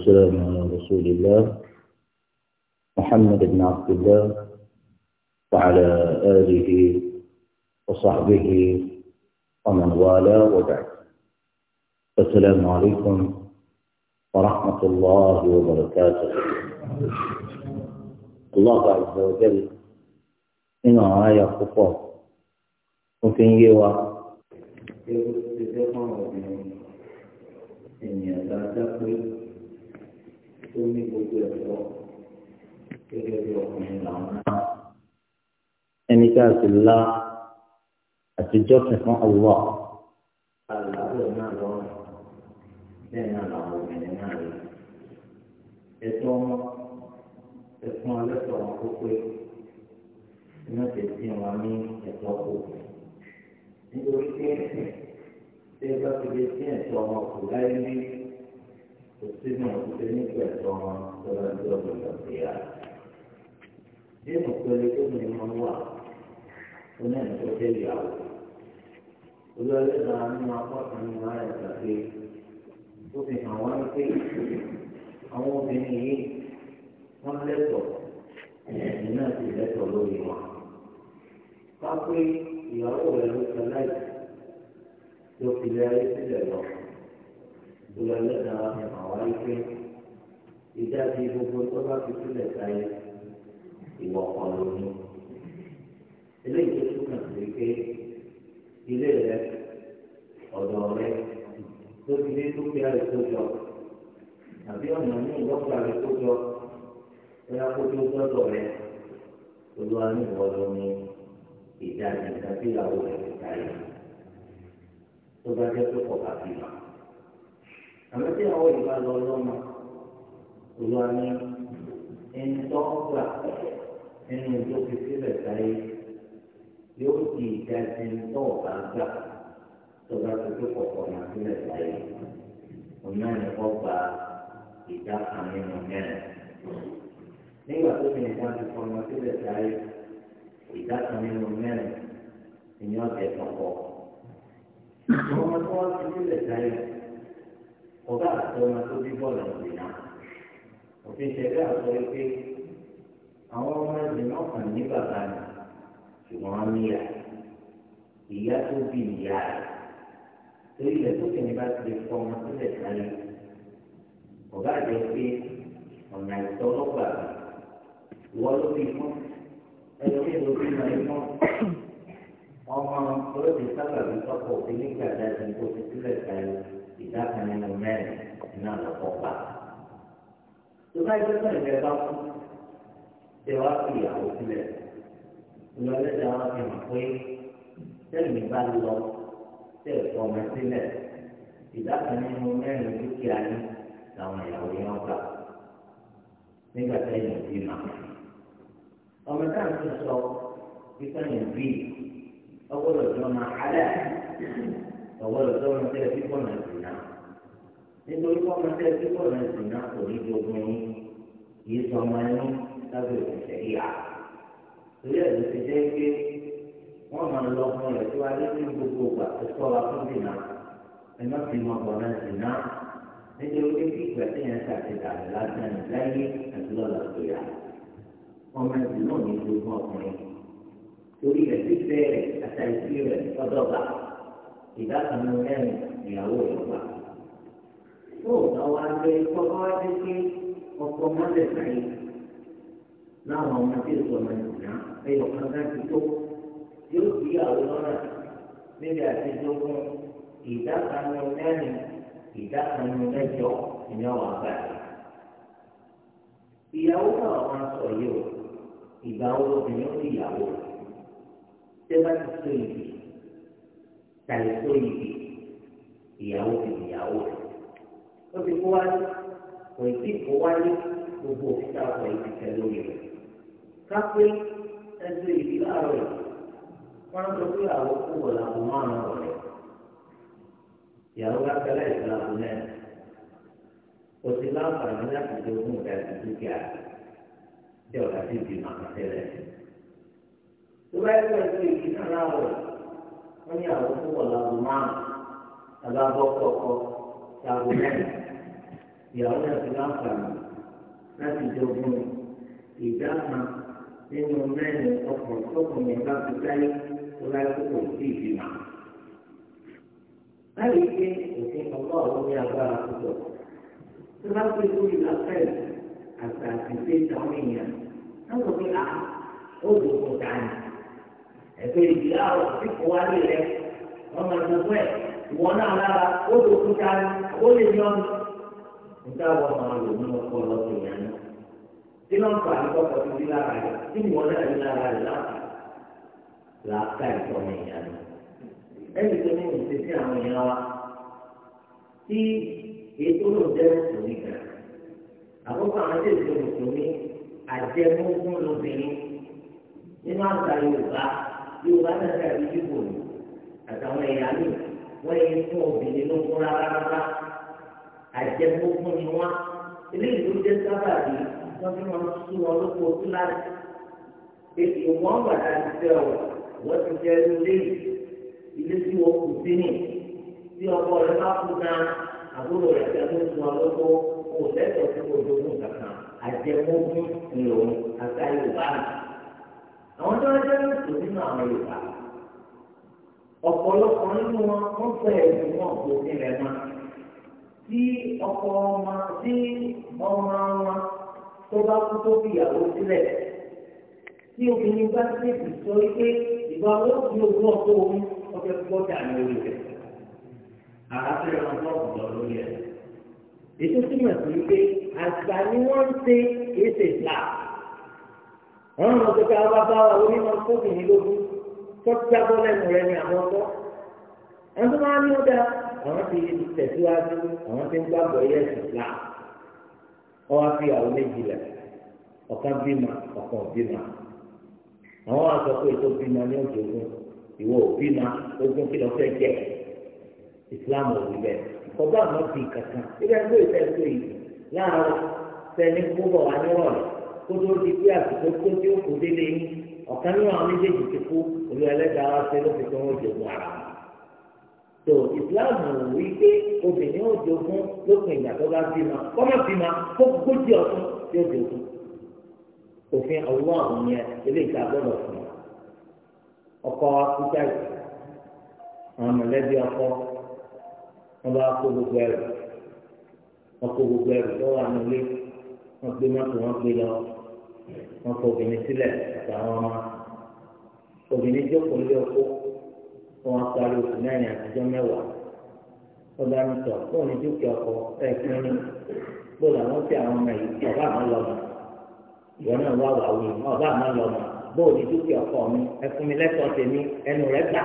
والسلام على رسول الله محمد بن عبد الله وعلى آله وصحبه ومن والاه وبعد السلام عليكم ورحمة الله وبركاته الله عز وجل إن آية خطوة وفي يوا ènìyàn tó ní gbogbo ẹ̀fọ́ gẹ́gẹ́ bí ọkùnrin làwọn ẹni tá a sì la àtijọ́ fífún ọwọ́ àlàáfíà náà lọ́rùn bẹ́ẹ̀ náà làwọn obìnrin náà rí ẹ̀tọ́ ẹ̀fọn alẹ́tọ̀ wọn kó pé iná tẹ̀sí wọn ní ẹ̀tọ́ kó nítorí pé ṣé bá ti lè sí ẹ̀tọ́ wọn kò láyé ní sínú ìpínlẹ̀ ìgbẹ̀tọ̀ wọn lọ́wọ́ ẹgbẹ́ ọ̀gbọ̀n ìyá. Bí mo pẹ̀lú tó ní mo wà, ó ní ẹ̀jọ́ jẹ́ ìyàwó. Olórí náà ní apọ́tàn ní wọn ẹ̀ka pé ó fi hàn wọ́n pé àwọn obìnrin yìí wọ́n lẹ́tọ̀ọ́ ẹ̀yìn náà sì lẹ́tọ̀ọ́ lórí wọn. Wọ́n pé ìyàwó rẹ̀ ló sọ láì tó fi lẹ́rìí sílẹ̀ lọ ìlú ẹlẹ́dàá wa fi hàn wáyé pé ìjà ti gbogbo tó bá fi sílẹ̀ sáyé ìwọ̀ kan lónìí. eléyìí tó túmọ̀ sí pé ilé rẹ ọ̀dọ̀ rẹ tó ti dé dúkìá rẹ tó jọ àbí ọ̀nà ní ìlọ́pàá rẹ tó jọ ẹ̀yà kó tó gbọ́dọ̀ rẹ olúwa ní ìwọ́dọ̀ ní ìjà ìjà tí ìyàwó rẹ ti sáyé tó bá jẹ́ pé ọ̀gá fi hàn àmọ́ tí àwọn ìgbà lọ lọ́mọ olúwa ní ẹni tó ń gbà ẹnu ìjọ fífi rẹ̀ sáyé yóò di ìjà ẹni tó ọ̀gá gbà tó bá ti tó kọ̀kọ̀ náà sílẹ̀ sáyé òun náà ní kọ́ gba ìjà kan nínú mẹ́rin nígbà tó fi nìkan ti fọmọ sílẹ̀ sáyé ìjà kan nínú mẹ́rin ìyọ́n ọ̀dẹ̀ tọ̀pọ̀ ọmọ tó wá sí sílẹ̀ sáyé ọba àti ọmọ tó bí bọ́ọ̀lù ọ̀gbìn náà òfin ṣẹlẹ̀ àsọ pé àwọn ọmọ ẹgbẹ́ náà kàn ní bàbá rẹ̀ ṣùgbọ́n wọn ní ìyá ìyá tó bí ìyá rẹ̀ torí ilẹ̀ tó kìíní bá ti fọ ọmọ sílẹ̀ sáyé ọba àjọ pé ọ̀nà ìtọ́ lọ́gbà wọ́n ló bí fún ẹlòmíì ló bí máa fún ọmọ olóògbé sábà bí sọ́kọ̀ òfin nígbà dájú ní kó ti sílẹ̀ sáyé ìdá kan nínú mẹ́rin náà lọ́kọ́ pa. tó bá yẹ kó ìgbẹ́ bá kú ṣe wá fi ìyàwó sílẹ̀ lọ lẹ́sẹ̀ wá fi hàn pé tẹ́lẹ̀ bá lọ tẹ́ ẹ̀kọ́ ọmọ sílẹ̀ ìdá nínú mẹ́rin dúkìá ní làwọn ìyàwó yẹn gbà nígbà tẹ́lẹ̀ òbí mà. ọmọ táà ń sọ pípẹ́ yẹn bí ọgbọ́dọ̀ jọ máa hálẹ̀ ọ̀gbọ́dọ̀ tó ń tẹ́ sí pọ̀nà ìsìnà nítorí pọ́nà tẹ́ sí pọ̀nà ìsìnà kò ní di ogun yín yìí sọ ọmọ ẹnu lábẹ́ òṣìṣẹ́ ìyá torí ẹ̀ ló ti jẹ́ pé wọ́n máa lọ ọmọ rẹ̀ tó wáyé ní gbogbo ìgbà tó sọ wa fún ìdìnnà ẹ má fi mọ pọ̀nà ìsìnà nítorí pé kí ìgbà tí yẹn ṣàtìgbà lásán láyé àti lọ́la tó yà ọmọ ìsìn náà ní gbogbo ọkùnrin torí ẹ̀ fífẹ́ rẹ̀ àtàìsí rẹ̀ ọdọ́gba ìdá kan nínú mẹ́rin ìyàwó rẹ̀ wà. tó àwọn kọ́kọ́ wá dé pé mọ́lẹ̀ sáyé láwọn ọmọ tí èso ọmọ ìgbà ẹyọ kan dájú tó yóò bí àwọn lọ́nà níbi àtijọ́ fún ìdá kan nínú mẹ́rin ìdá kan nínú mẹ́jọ ìyàwó àgbà rẹ̀. ìyàwó náà máa sọ yìí o ìgbà wo obìnrin ó ní ìyàwó rẹ̀ bá ti so ìdí tàyè tó yìí ìyàwó ti ìyàwó rẹ̀ ó ti kó wá kò tí kó wá gbogbo òkúta ọkọ̀ yìí ti tẹ̀ lórí rẹ̀ kápé ẹgbẹ́ ìdí láàárọ̀ yìí wọ́n ń sọ pé àwọn kú wọ̀ làwọn márùn-ún ọ̀rẹ́ ìyàwó bá tẹ́lẹ̀ ìgbàlódé náà kò sí láǹfààní láti di ogún ìdá ti dúkìá tí ọ̀gá ti di màkà tẹ́lẹ̀ tó bá yẹ kó ẹgbẹ́ ìdí náà láàárọ̀ yìí wọ́n ní àwọn tó wọ̀ lágbo márùn-ún tàbá bọ́ kọ̀ọ̀kọ́ lágbo mẹ́rin ìyàwó náà ti láǹfààní láti jẹ ogún ìdá kan nínú mẹ́rin ọkùnrin tọkùnrin bá ti dáyé tó láyé tó kò sí ìdìmọ̀. láyé pé òfin ọgbọ́n ọ̀hún ní agbára púpọ̀ tó bá pé lórí lápẹ́ẹ̀ àti àtìsé ìtàn èèyàn láwọn pé a ó lò ó dání ẹgbẹ́ ìdílé àwọn àfikún wa lè rẹ wọn máa gbogbo ẹ ìwọ náà lára ó lè kúta ó lè yọ ọ nígbà wọn máa lò ní ọkọ lọ́sẹ̀ yẹn ní tí wọn fà á kọkọ tó di lára rẹ tí ìwọ náà di lára rẹ láàpá làákà ìtọ́nà ìyẹn ní ẹni tó ní ìṣe sí àwọn èèyàn wa tí ètò ló jẹ́ òní kan àkókò àwọn tí ètò ìṣòro ní àjẹmógún lóbìnrin nínú àgbà Yorùbá náà dàbí dìbò ní àtàwọn ẹ̀yà mi wọ́n yẹ fún obìnrin ló kún rárára àjẹmó fún ni wọ́n eléyìí ló jẹ́ sábàbí wọ́n fi wọn sún wọn lóko kíláàsì èsì wọn wà láti fẹ́ ọ wọ́n ti fẹ́ lé ilé tí wọ́n kù sí ní tí ọkọ rẹ bá kú náà àbúrò rẹ fẹ́ ló sún wọn lóko kò lẹ́tọ̀ọ́ sí ojoojúmọ́ kankan àjẹmó fún ìlòun àtàlùbáàmù àwọn tó ń jẹ́ lóṣù nínú àwọn Yorùbá ọ̀pọ̀lọpọ̀ nínú wọn wọ́n fẹ́ ẹ̀sùn wọn kò nílẹ̀ mọ́ tí ọkọ ọmọ tí ọmọ wọn tó bá kú tó fi ìyàwó sílẹ̀ tí obìnrin bá tètè sọ pé ìgbà wo ti ogún ọkọ omi ọjọ́ gbọ́dọ̀ àmì orí rẹ̀ àràbẹ̀rẹ̀ wọn tó ọ̀dọ̀ lórí ẹ̀ ètò túmọ̀ sí pé àgbà ni wọ́n ń ṣe èsè ìlà wọn lọ sọ pé àwọn bá wa onímọ̀ fóònù ní lógún tó jábọ́ lẹ́nu rẹ ní àwọn ọkọ ẹni tó máa ní ó dáa àwọn ti tẹ̀síwájú àwọn ti ń gbàgbọ́ yẹ ìsìlá ọwọ́ fi àwọn méjì lẹ̀ ọ̀kan bímọ ọ̀kan bímọ àwọn wa sọ pé ètò bímọ ní ojú ogun ìwọ bímọ ogun kí lọ fẹ́ jẹ ìsìlámù òbí bẹ́ẹ̀ ọgbà àwọn ti kankan ilé ẹgbẹ́ ìfẹ́ sóyè láàárọ̀ sẹ́ni kúbọ̀ wá nírọ̀lẹ́ kó tó di pé àsìkò tó tí ó kò délé yín ọ̀kan nínú àwọn méjèèjì ti kú olú ẹlẹ́dàá wá sí ló fi tó wọn jòkó ara tó ìsìláàmù wí pé obìnrin ó jogún lópin ìgbà tó bá bímọ kọ́mọ bímọ kó gbójú ọdún tí ó jogún òfin ọwọ́ àwọn yẹn ilé ìta gbọ́dọ̀ fún un ọkọ akúta yìí àwọn mọ̀lẹ́bí ọkọ wọn bá kó gbogbo ẹrù wọn kó gbogbo ẹrù tó wà nílé wọn gbé mọ́tò wọn gbé lọ wọn kọ obìnrin sílẹ̀ àtàwọn ọmọ obìnrin jókòó lé ọkọ wọn parí oṣù mẹ́rin àtijọ́ mẹ́wàá wọn bá mi sọ fún òní dúkìá ọkọ ẹ̀ẹ́dín ní bóòlù àwọn tí àwọn ọmọ yìí ọba àmọ́ lọ́mọ ìwọ náà wà wà wí ọba àmọ́ lọ́mọ bóòlù dúkìá ọkọ mi ẹfun mi lẹ́tọ̀ọ́ tèmi ẹnu rẹ̀ gbà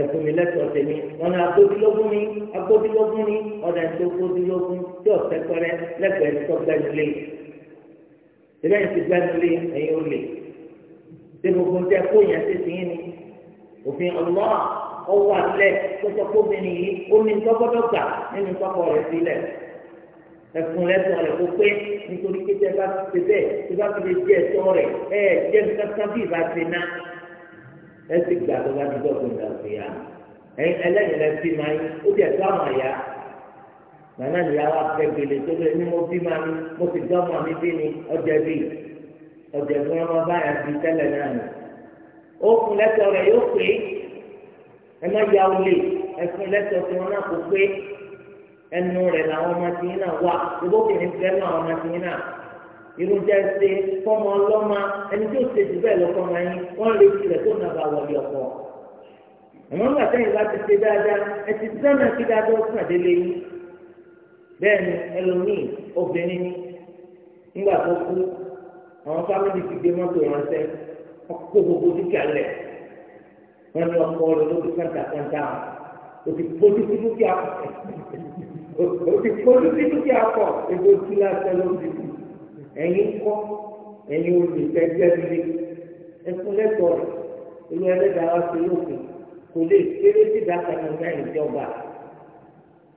ẹfun mi lẹ́tọ̀ọ́ tèmi wọn náà agbódilógún ni agbódilógún ni ọ̀dà tó agbódilógún tí ọ̀sẹ̀ pẹrẹ lẹ́gbẹ̀ẹ́ tó gbẹ́ ilé yẹn ti gbẹ́nu lé ẹ̀yin ó lè ṣé gbogbo tẹ kó yẹn ti sìn ní òfin ọlọ́ ọwọ́ alẹ́ tọ́jọ́ kóbìnrin yìí ó ní tọ́gbọ́dọ̀ gbà nínú tọ́kọ rẹ̀ sílẹ̀ ẹ̀fun lẹ́sọ̀ rẹ̀ kó pé nítorí pé tẹ bá ti bẹ́ẹ̀ tẹ bá ti lè jẹ́ ẹ̀tọ́ rẹ̀ ẹ̀ jẹ́ nǹkan bí ìbá ti ná ẹ̀ sì gbà tó bá ti dọ̀gbìn náà sí ya ẹ̀yin ẹlẹ́yìn lẹ́sìn máa ń ó ti ẹ̀tọ́ àwọn àyà nana ni yàrá gbẹgbẹlẹ tó lé ní mo bí màmí mo sì dọ́ màmí bí ni ọjà bí ọjà bí wọn bá yà bí tẹ́lẹ̀ náà ni ó fún lẹ́tọ̀ rẹ̀ yóò pé ẹ má ya olè ẹ fún lẹ́tọ̀ tí wọn náà kó pé ẹnu rẹ̀ làwọn ọmọ tìyín náà wà ìbókùnrin bẹ́ẹ̀ náà ọmọ tìyín náà irúnjẹ ṣe fọmọ ọlọ́mọ ẹni tó ṣe jù bẹ́ẹ̀ lọ́kọ́ máa yín wọ́n lè tilẹ̀ tó nàbà wọlé ọ̀pọ̀ àwọn bàtà yìí bá ti ṣe dáadáa ẹ bẹ́ẹ̀ ni ẹlòmíì obìnrin ni nígbà tó kú àwọn fámìlì ti gbé mọ́tò ránṣẹ́ wọ́n kó gbogbo dúkìá lẹ̀ wọ́n ní ọkọ rẹ̀ ló fi kàńtà kàńtà o ti kpójú sí dúkìá kọ o ti kpójú sí dúkìá kọ ebo tí la sẹ ló ti kú ẹ̀yin kọ́ ẹ̀yin olùtẹ́gbẹ́ líle ẹkún lẹ́tọ̀ọ́ ìlú ẹlẹ́dàá wa ti lókè kò lè kéré sí dàkàtà náà ìjọba.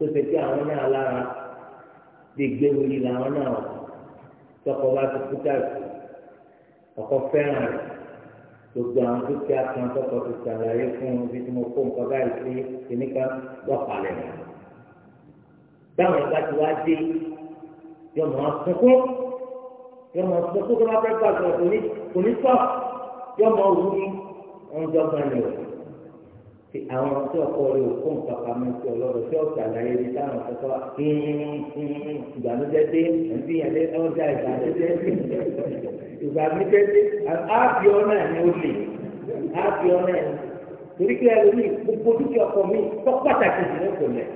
tó ṣe pé àwọn náà lára lè gbé wuli làwọn náà tọkọ bá ti kú tàbí ọkọ fẹ́ràn rẹ̀ gbogbo àwọn dúkìá kan tọkọ ti ṣàlàyé fún un bí mo kó nǹkan báyìí sí kìnnìkan lọ́pàlẹ̀ rẹ̀ táwọn ìgbà tí wàá dé yọ mọ sunkún yọ mọ sunkún tó bá fẹ́ gbàgbọ́ kò ní tọ́ yọ mọ òwú ní ọjọ́ kan nìyẹn ti àwọn tí ọkọ rẹ ò fún kàkà mọ sí ọlọ́rọ̀ tí ọ̀sẹ̀ àlàyé ibi táwọn kọkọ ìgbàlódé dé ẹbí ẹdẹ ọjà ìgbàlódé dé ìgbàlódé dé àbí ọ̀nà ẹ̀ ní olè àbí ọ̀nà ẹ̀ torí kí ẹrù mi gbogbo dúkìá ọkọ mi tọ́ pàtàkì jù lọ́kọ̀ lẹ̀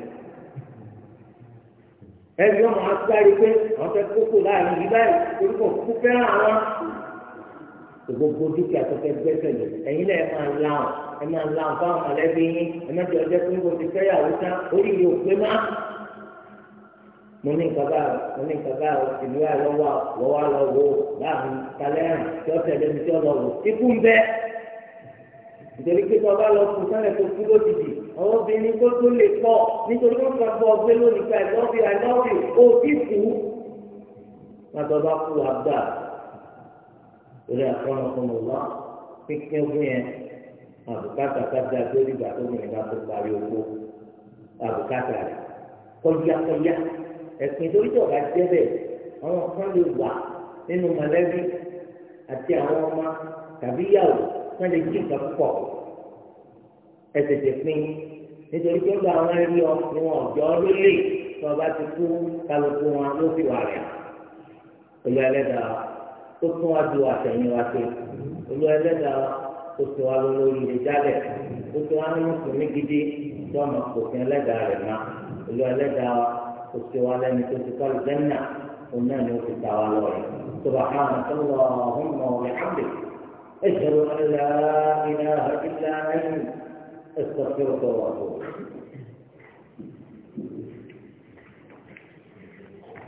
ẹbí ọmọ asáré pé àwọn fẹ́ kókó láàrin yìí báyìí orúkọ kúkú fẹ́ràn àwọn gbogbo dúkìá tó fẹ́ gbẹ́sẹ̀ lò ẹ̀yin lẹ́yìn máa láwọn ẹ máa láwọn fáwọn mọ̀lẹ́bí yín ẹ má ti ọjọ́ pé mo ti fẹ́ yàwó tán orí yìí ò pé má. mo ní nǹkan bá mo ní nǹkan bá ìlú àlọ́wọ́ lọ́wọ́ lọ́wọ́ láàrin talẹ́rìn tí ó tẹ̀lé mi tí ó lọ wò ikú ń bẹ́. nítorí pé tí ọba lọ fún sálẹ̀ tó kú lójijì àwọn obìnrin tó tó lè pọ̀ nítorí wọ́n kàn bọ́ ọgbẹ́ lónìí ilé akọ́nàkọ́nà wá pínpín ogún yẹn àbùkátà kájà tó dìgbà tó mìíràn bá tó parí owó àbùkátà rẹ̀ kọjákọjá ẹ̀sìn tó jọ bá jẹ́ bẹ́ẹ̀ àwọn kan lè wà nínú mọ̀lẹ́bí àti àwọn ọmọ tàbí ìyàwó wọn lè jí nǹkan púpọ̀ ẹ tètè pín nítorí pé gba àwọn ẹrí ọ ni wọn ọjọ́ lólè tí wọn bá ti kú kálukú wọn ló fi wà rẹ̀ pẹ̀lú ẹlẹ́dàá tó tún wá ju àtẹ̀yìn wa ṣe olú ẹlẹ́dàá tó tún wá lórí ilé jálẹ̀ tó tún wá nínú sùn ní gidi tó ọmọ kò fi rẹ̀ má olú ẹlẹ́dàá tó tún wá tó ti kọ́ lẹ́nà òun náà ni ó ti ta wá lọ rẹ̀ tó bá ká àwọn tó lọ ọ̀hún mọ̀ ọ̀rẹ́ àbẹ̀ ẹ̀ṣẹ̀ ló ń lọ ilé ẹ̀ṣẹ̀ tó tó wà tó.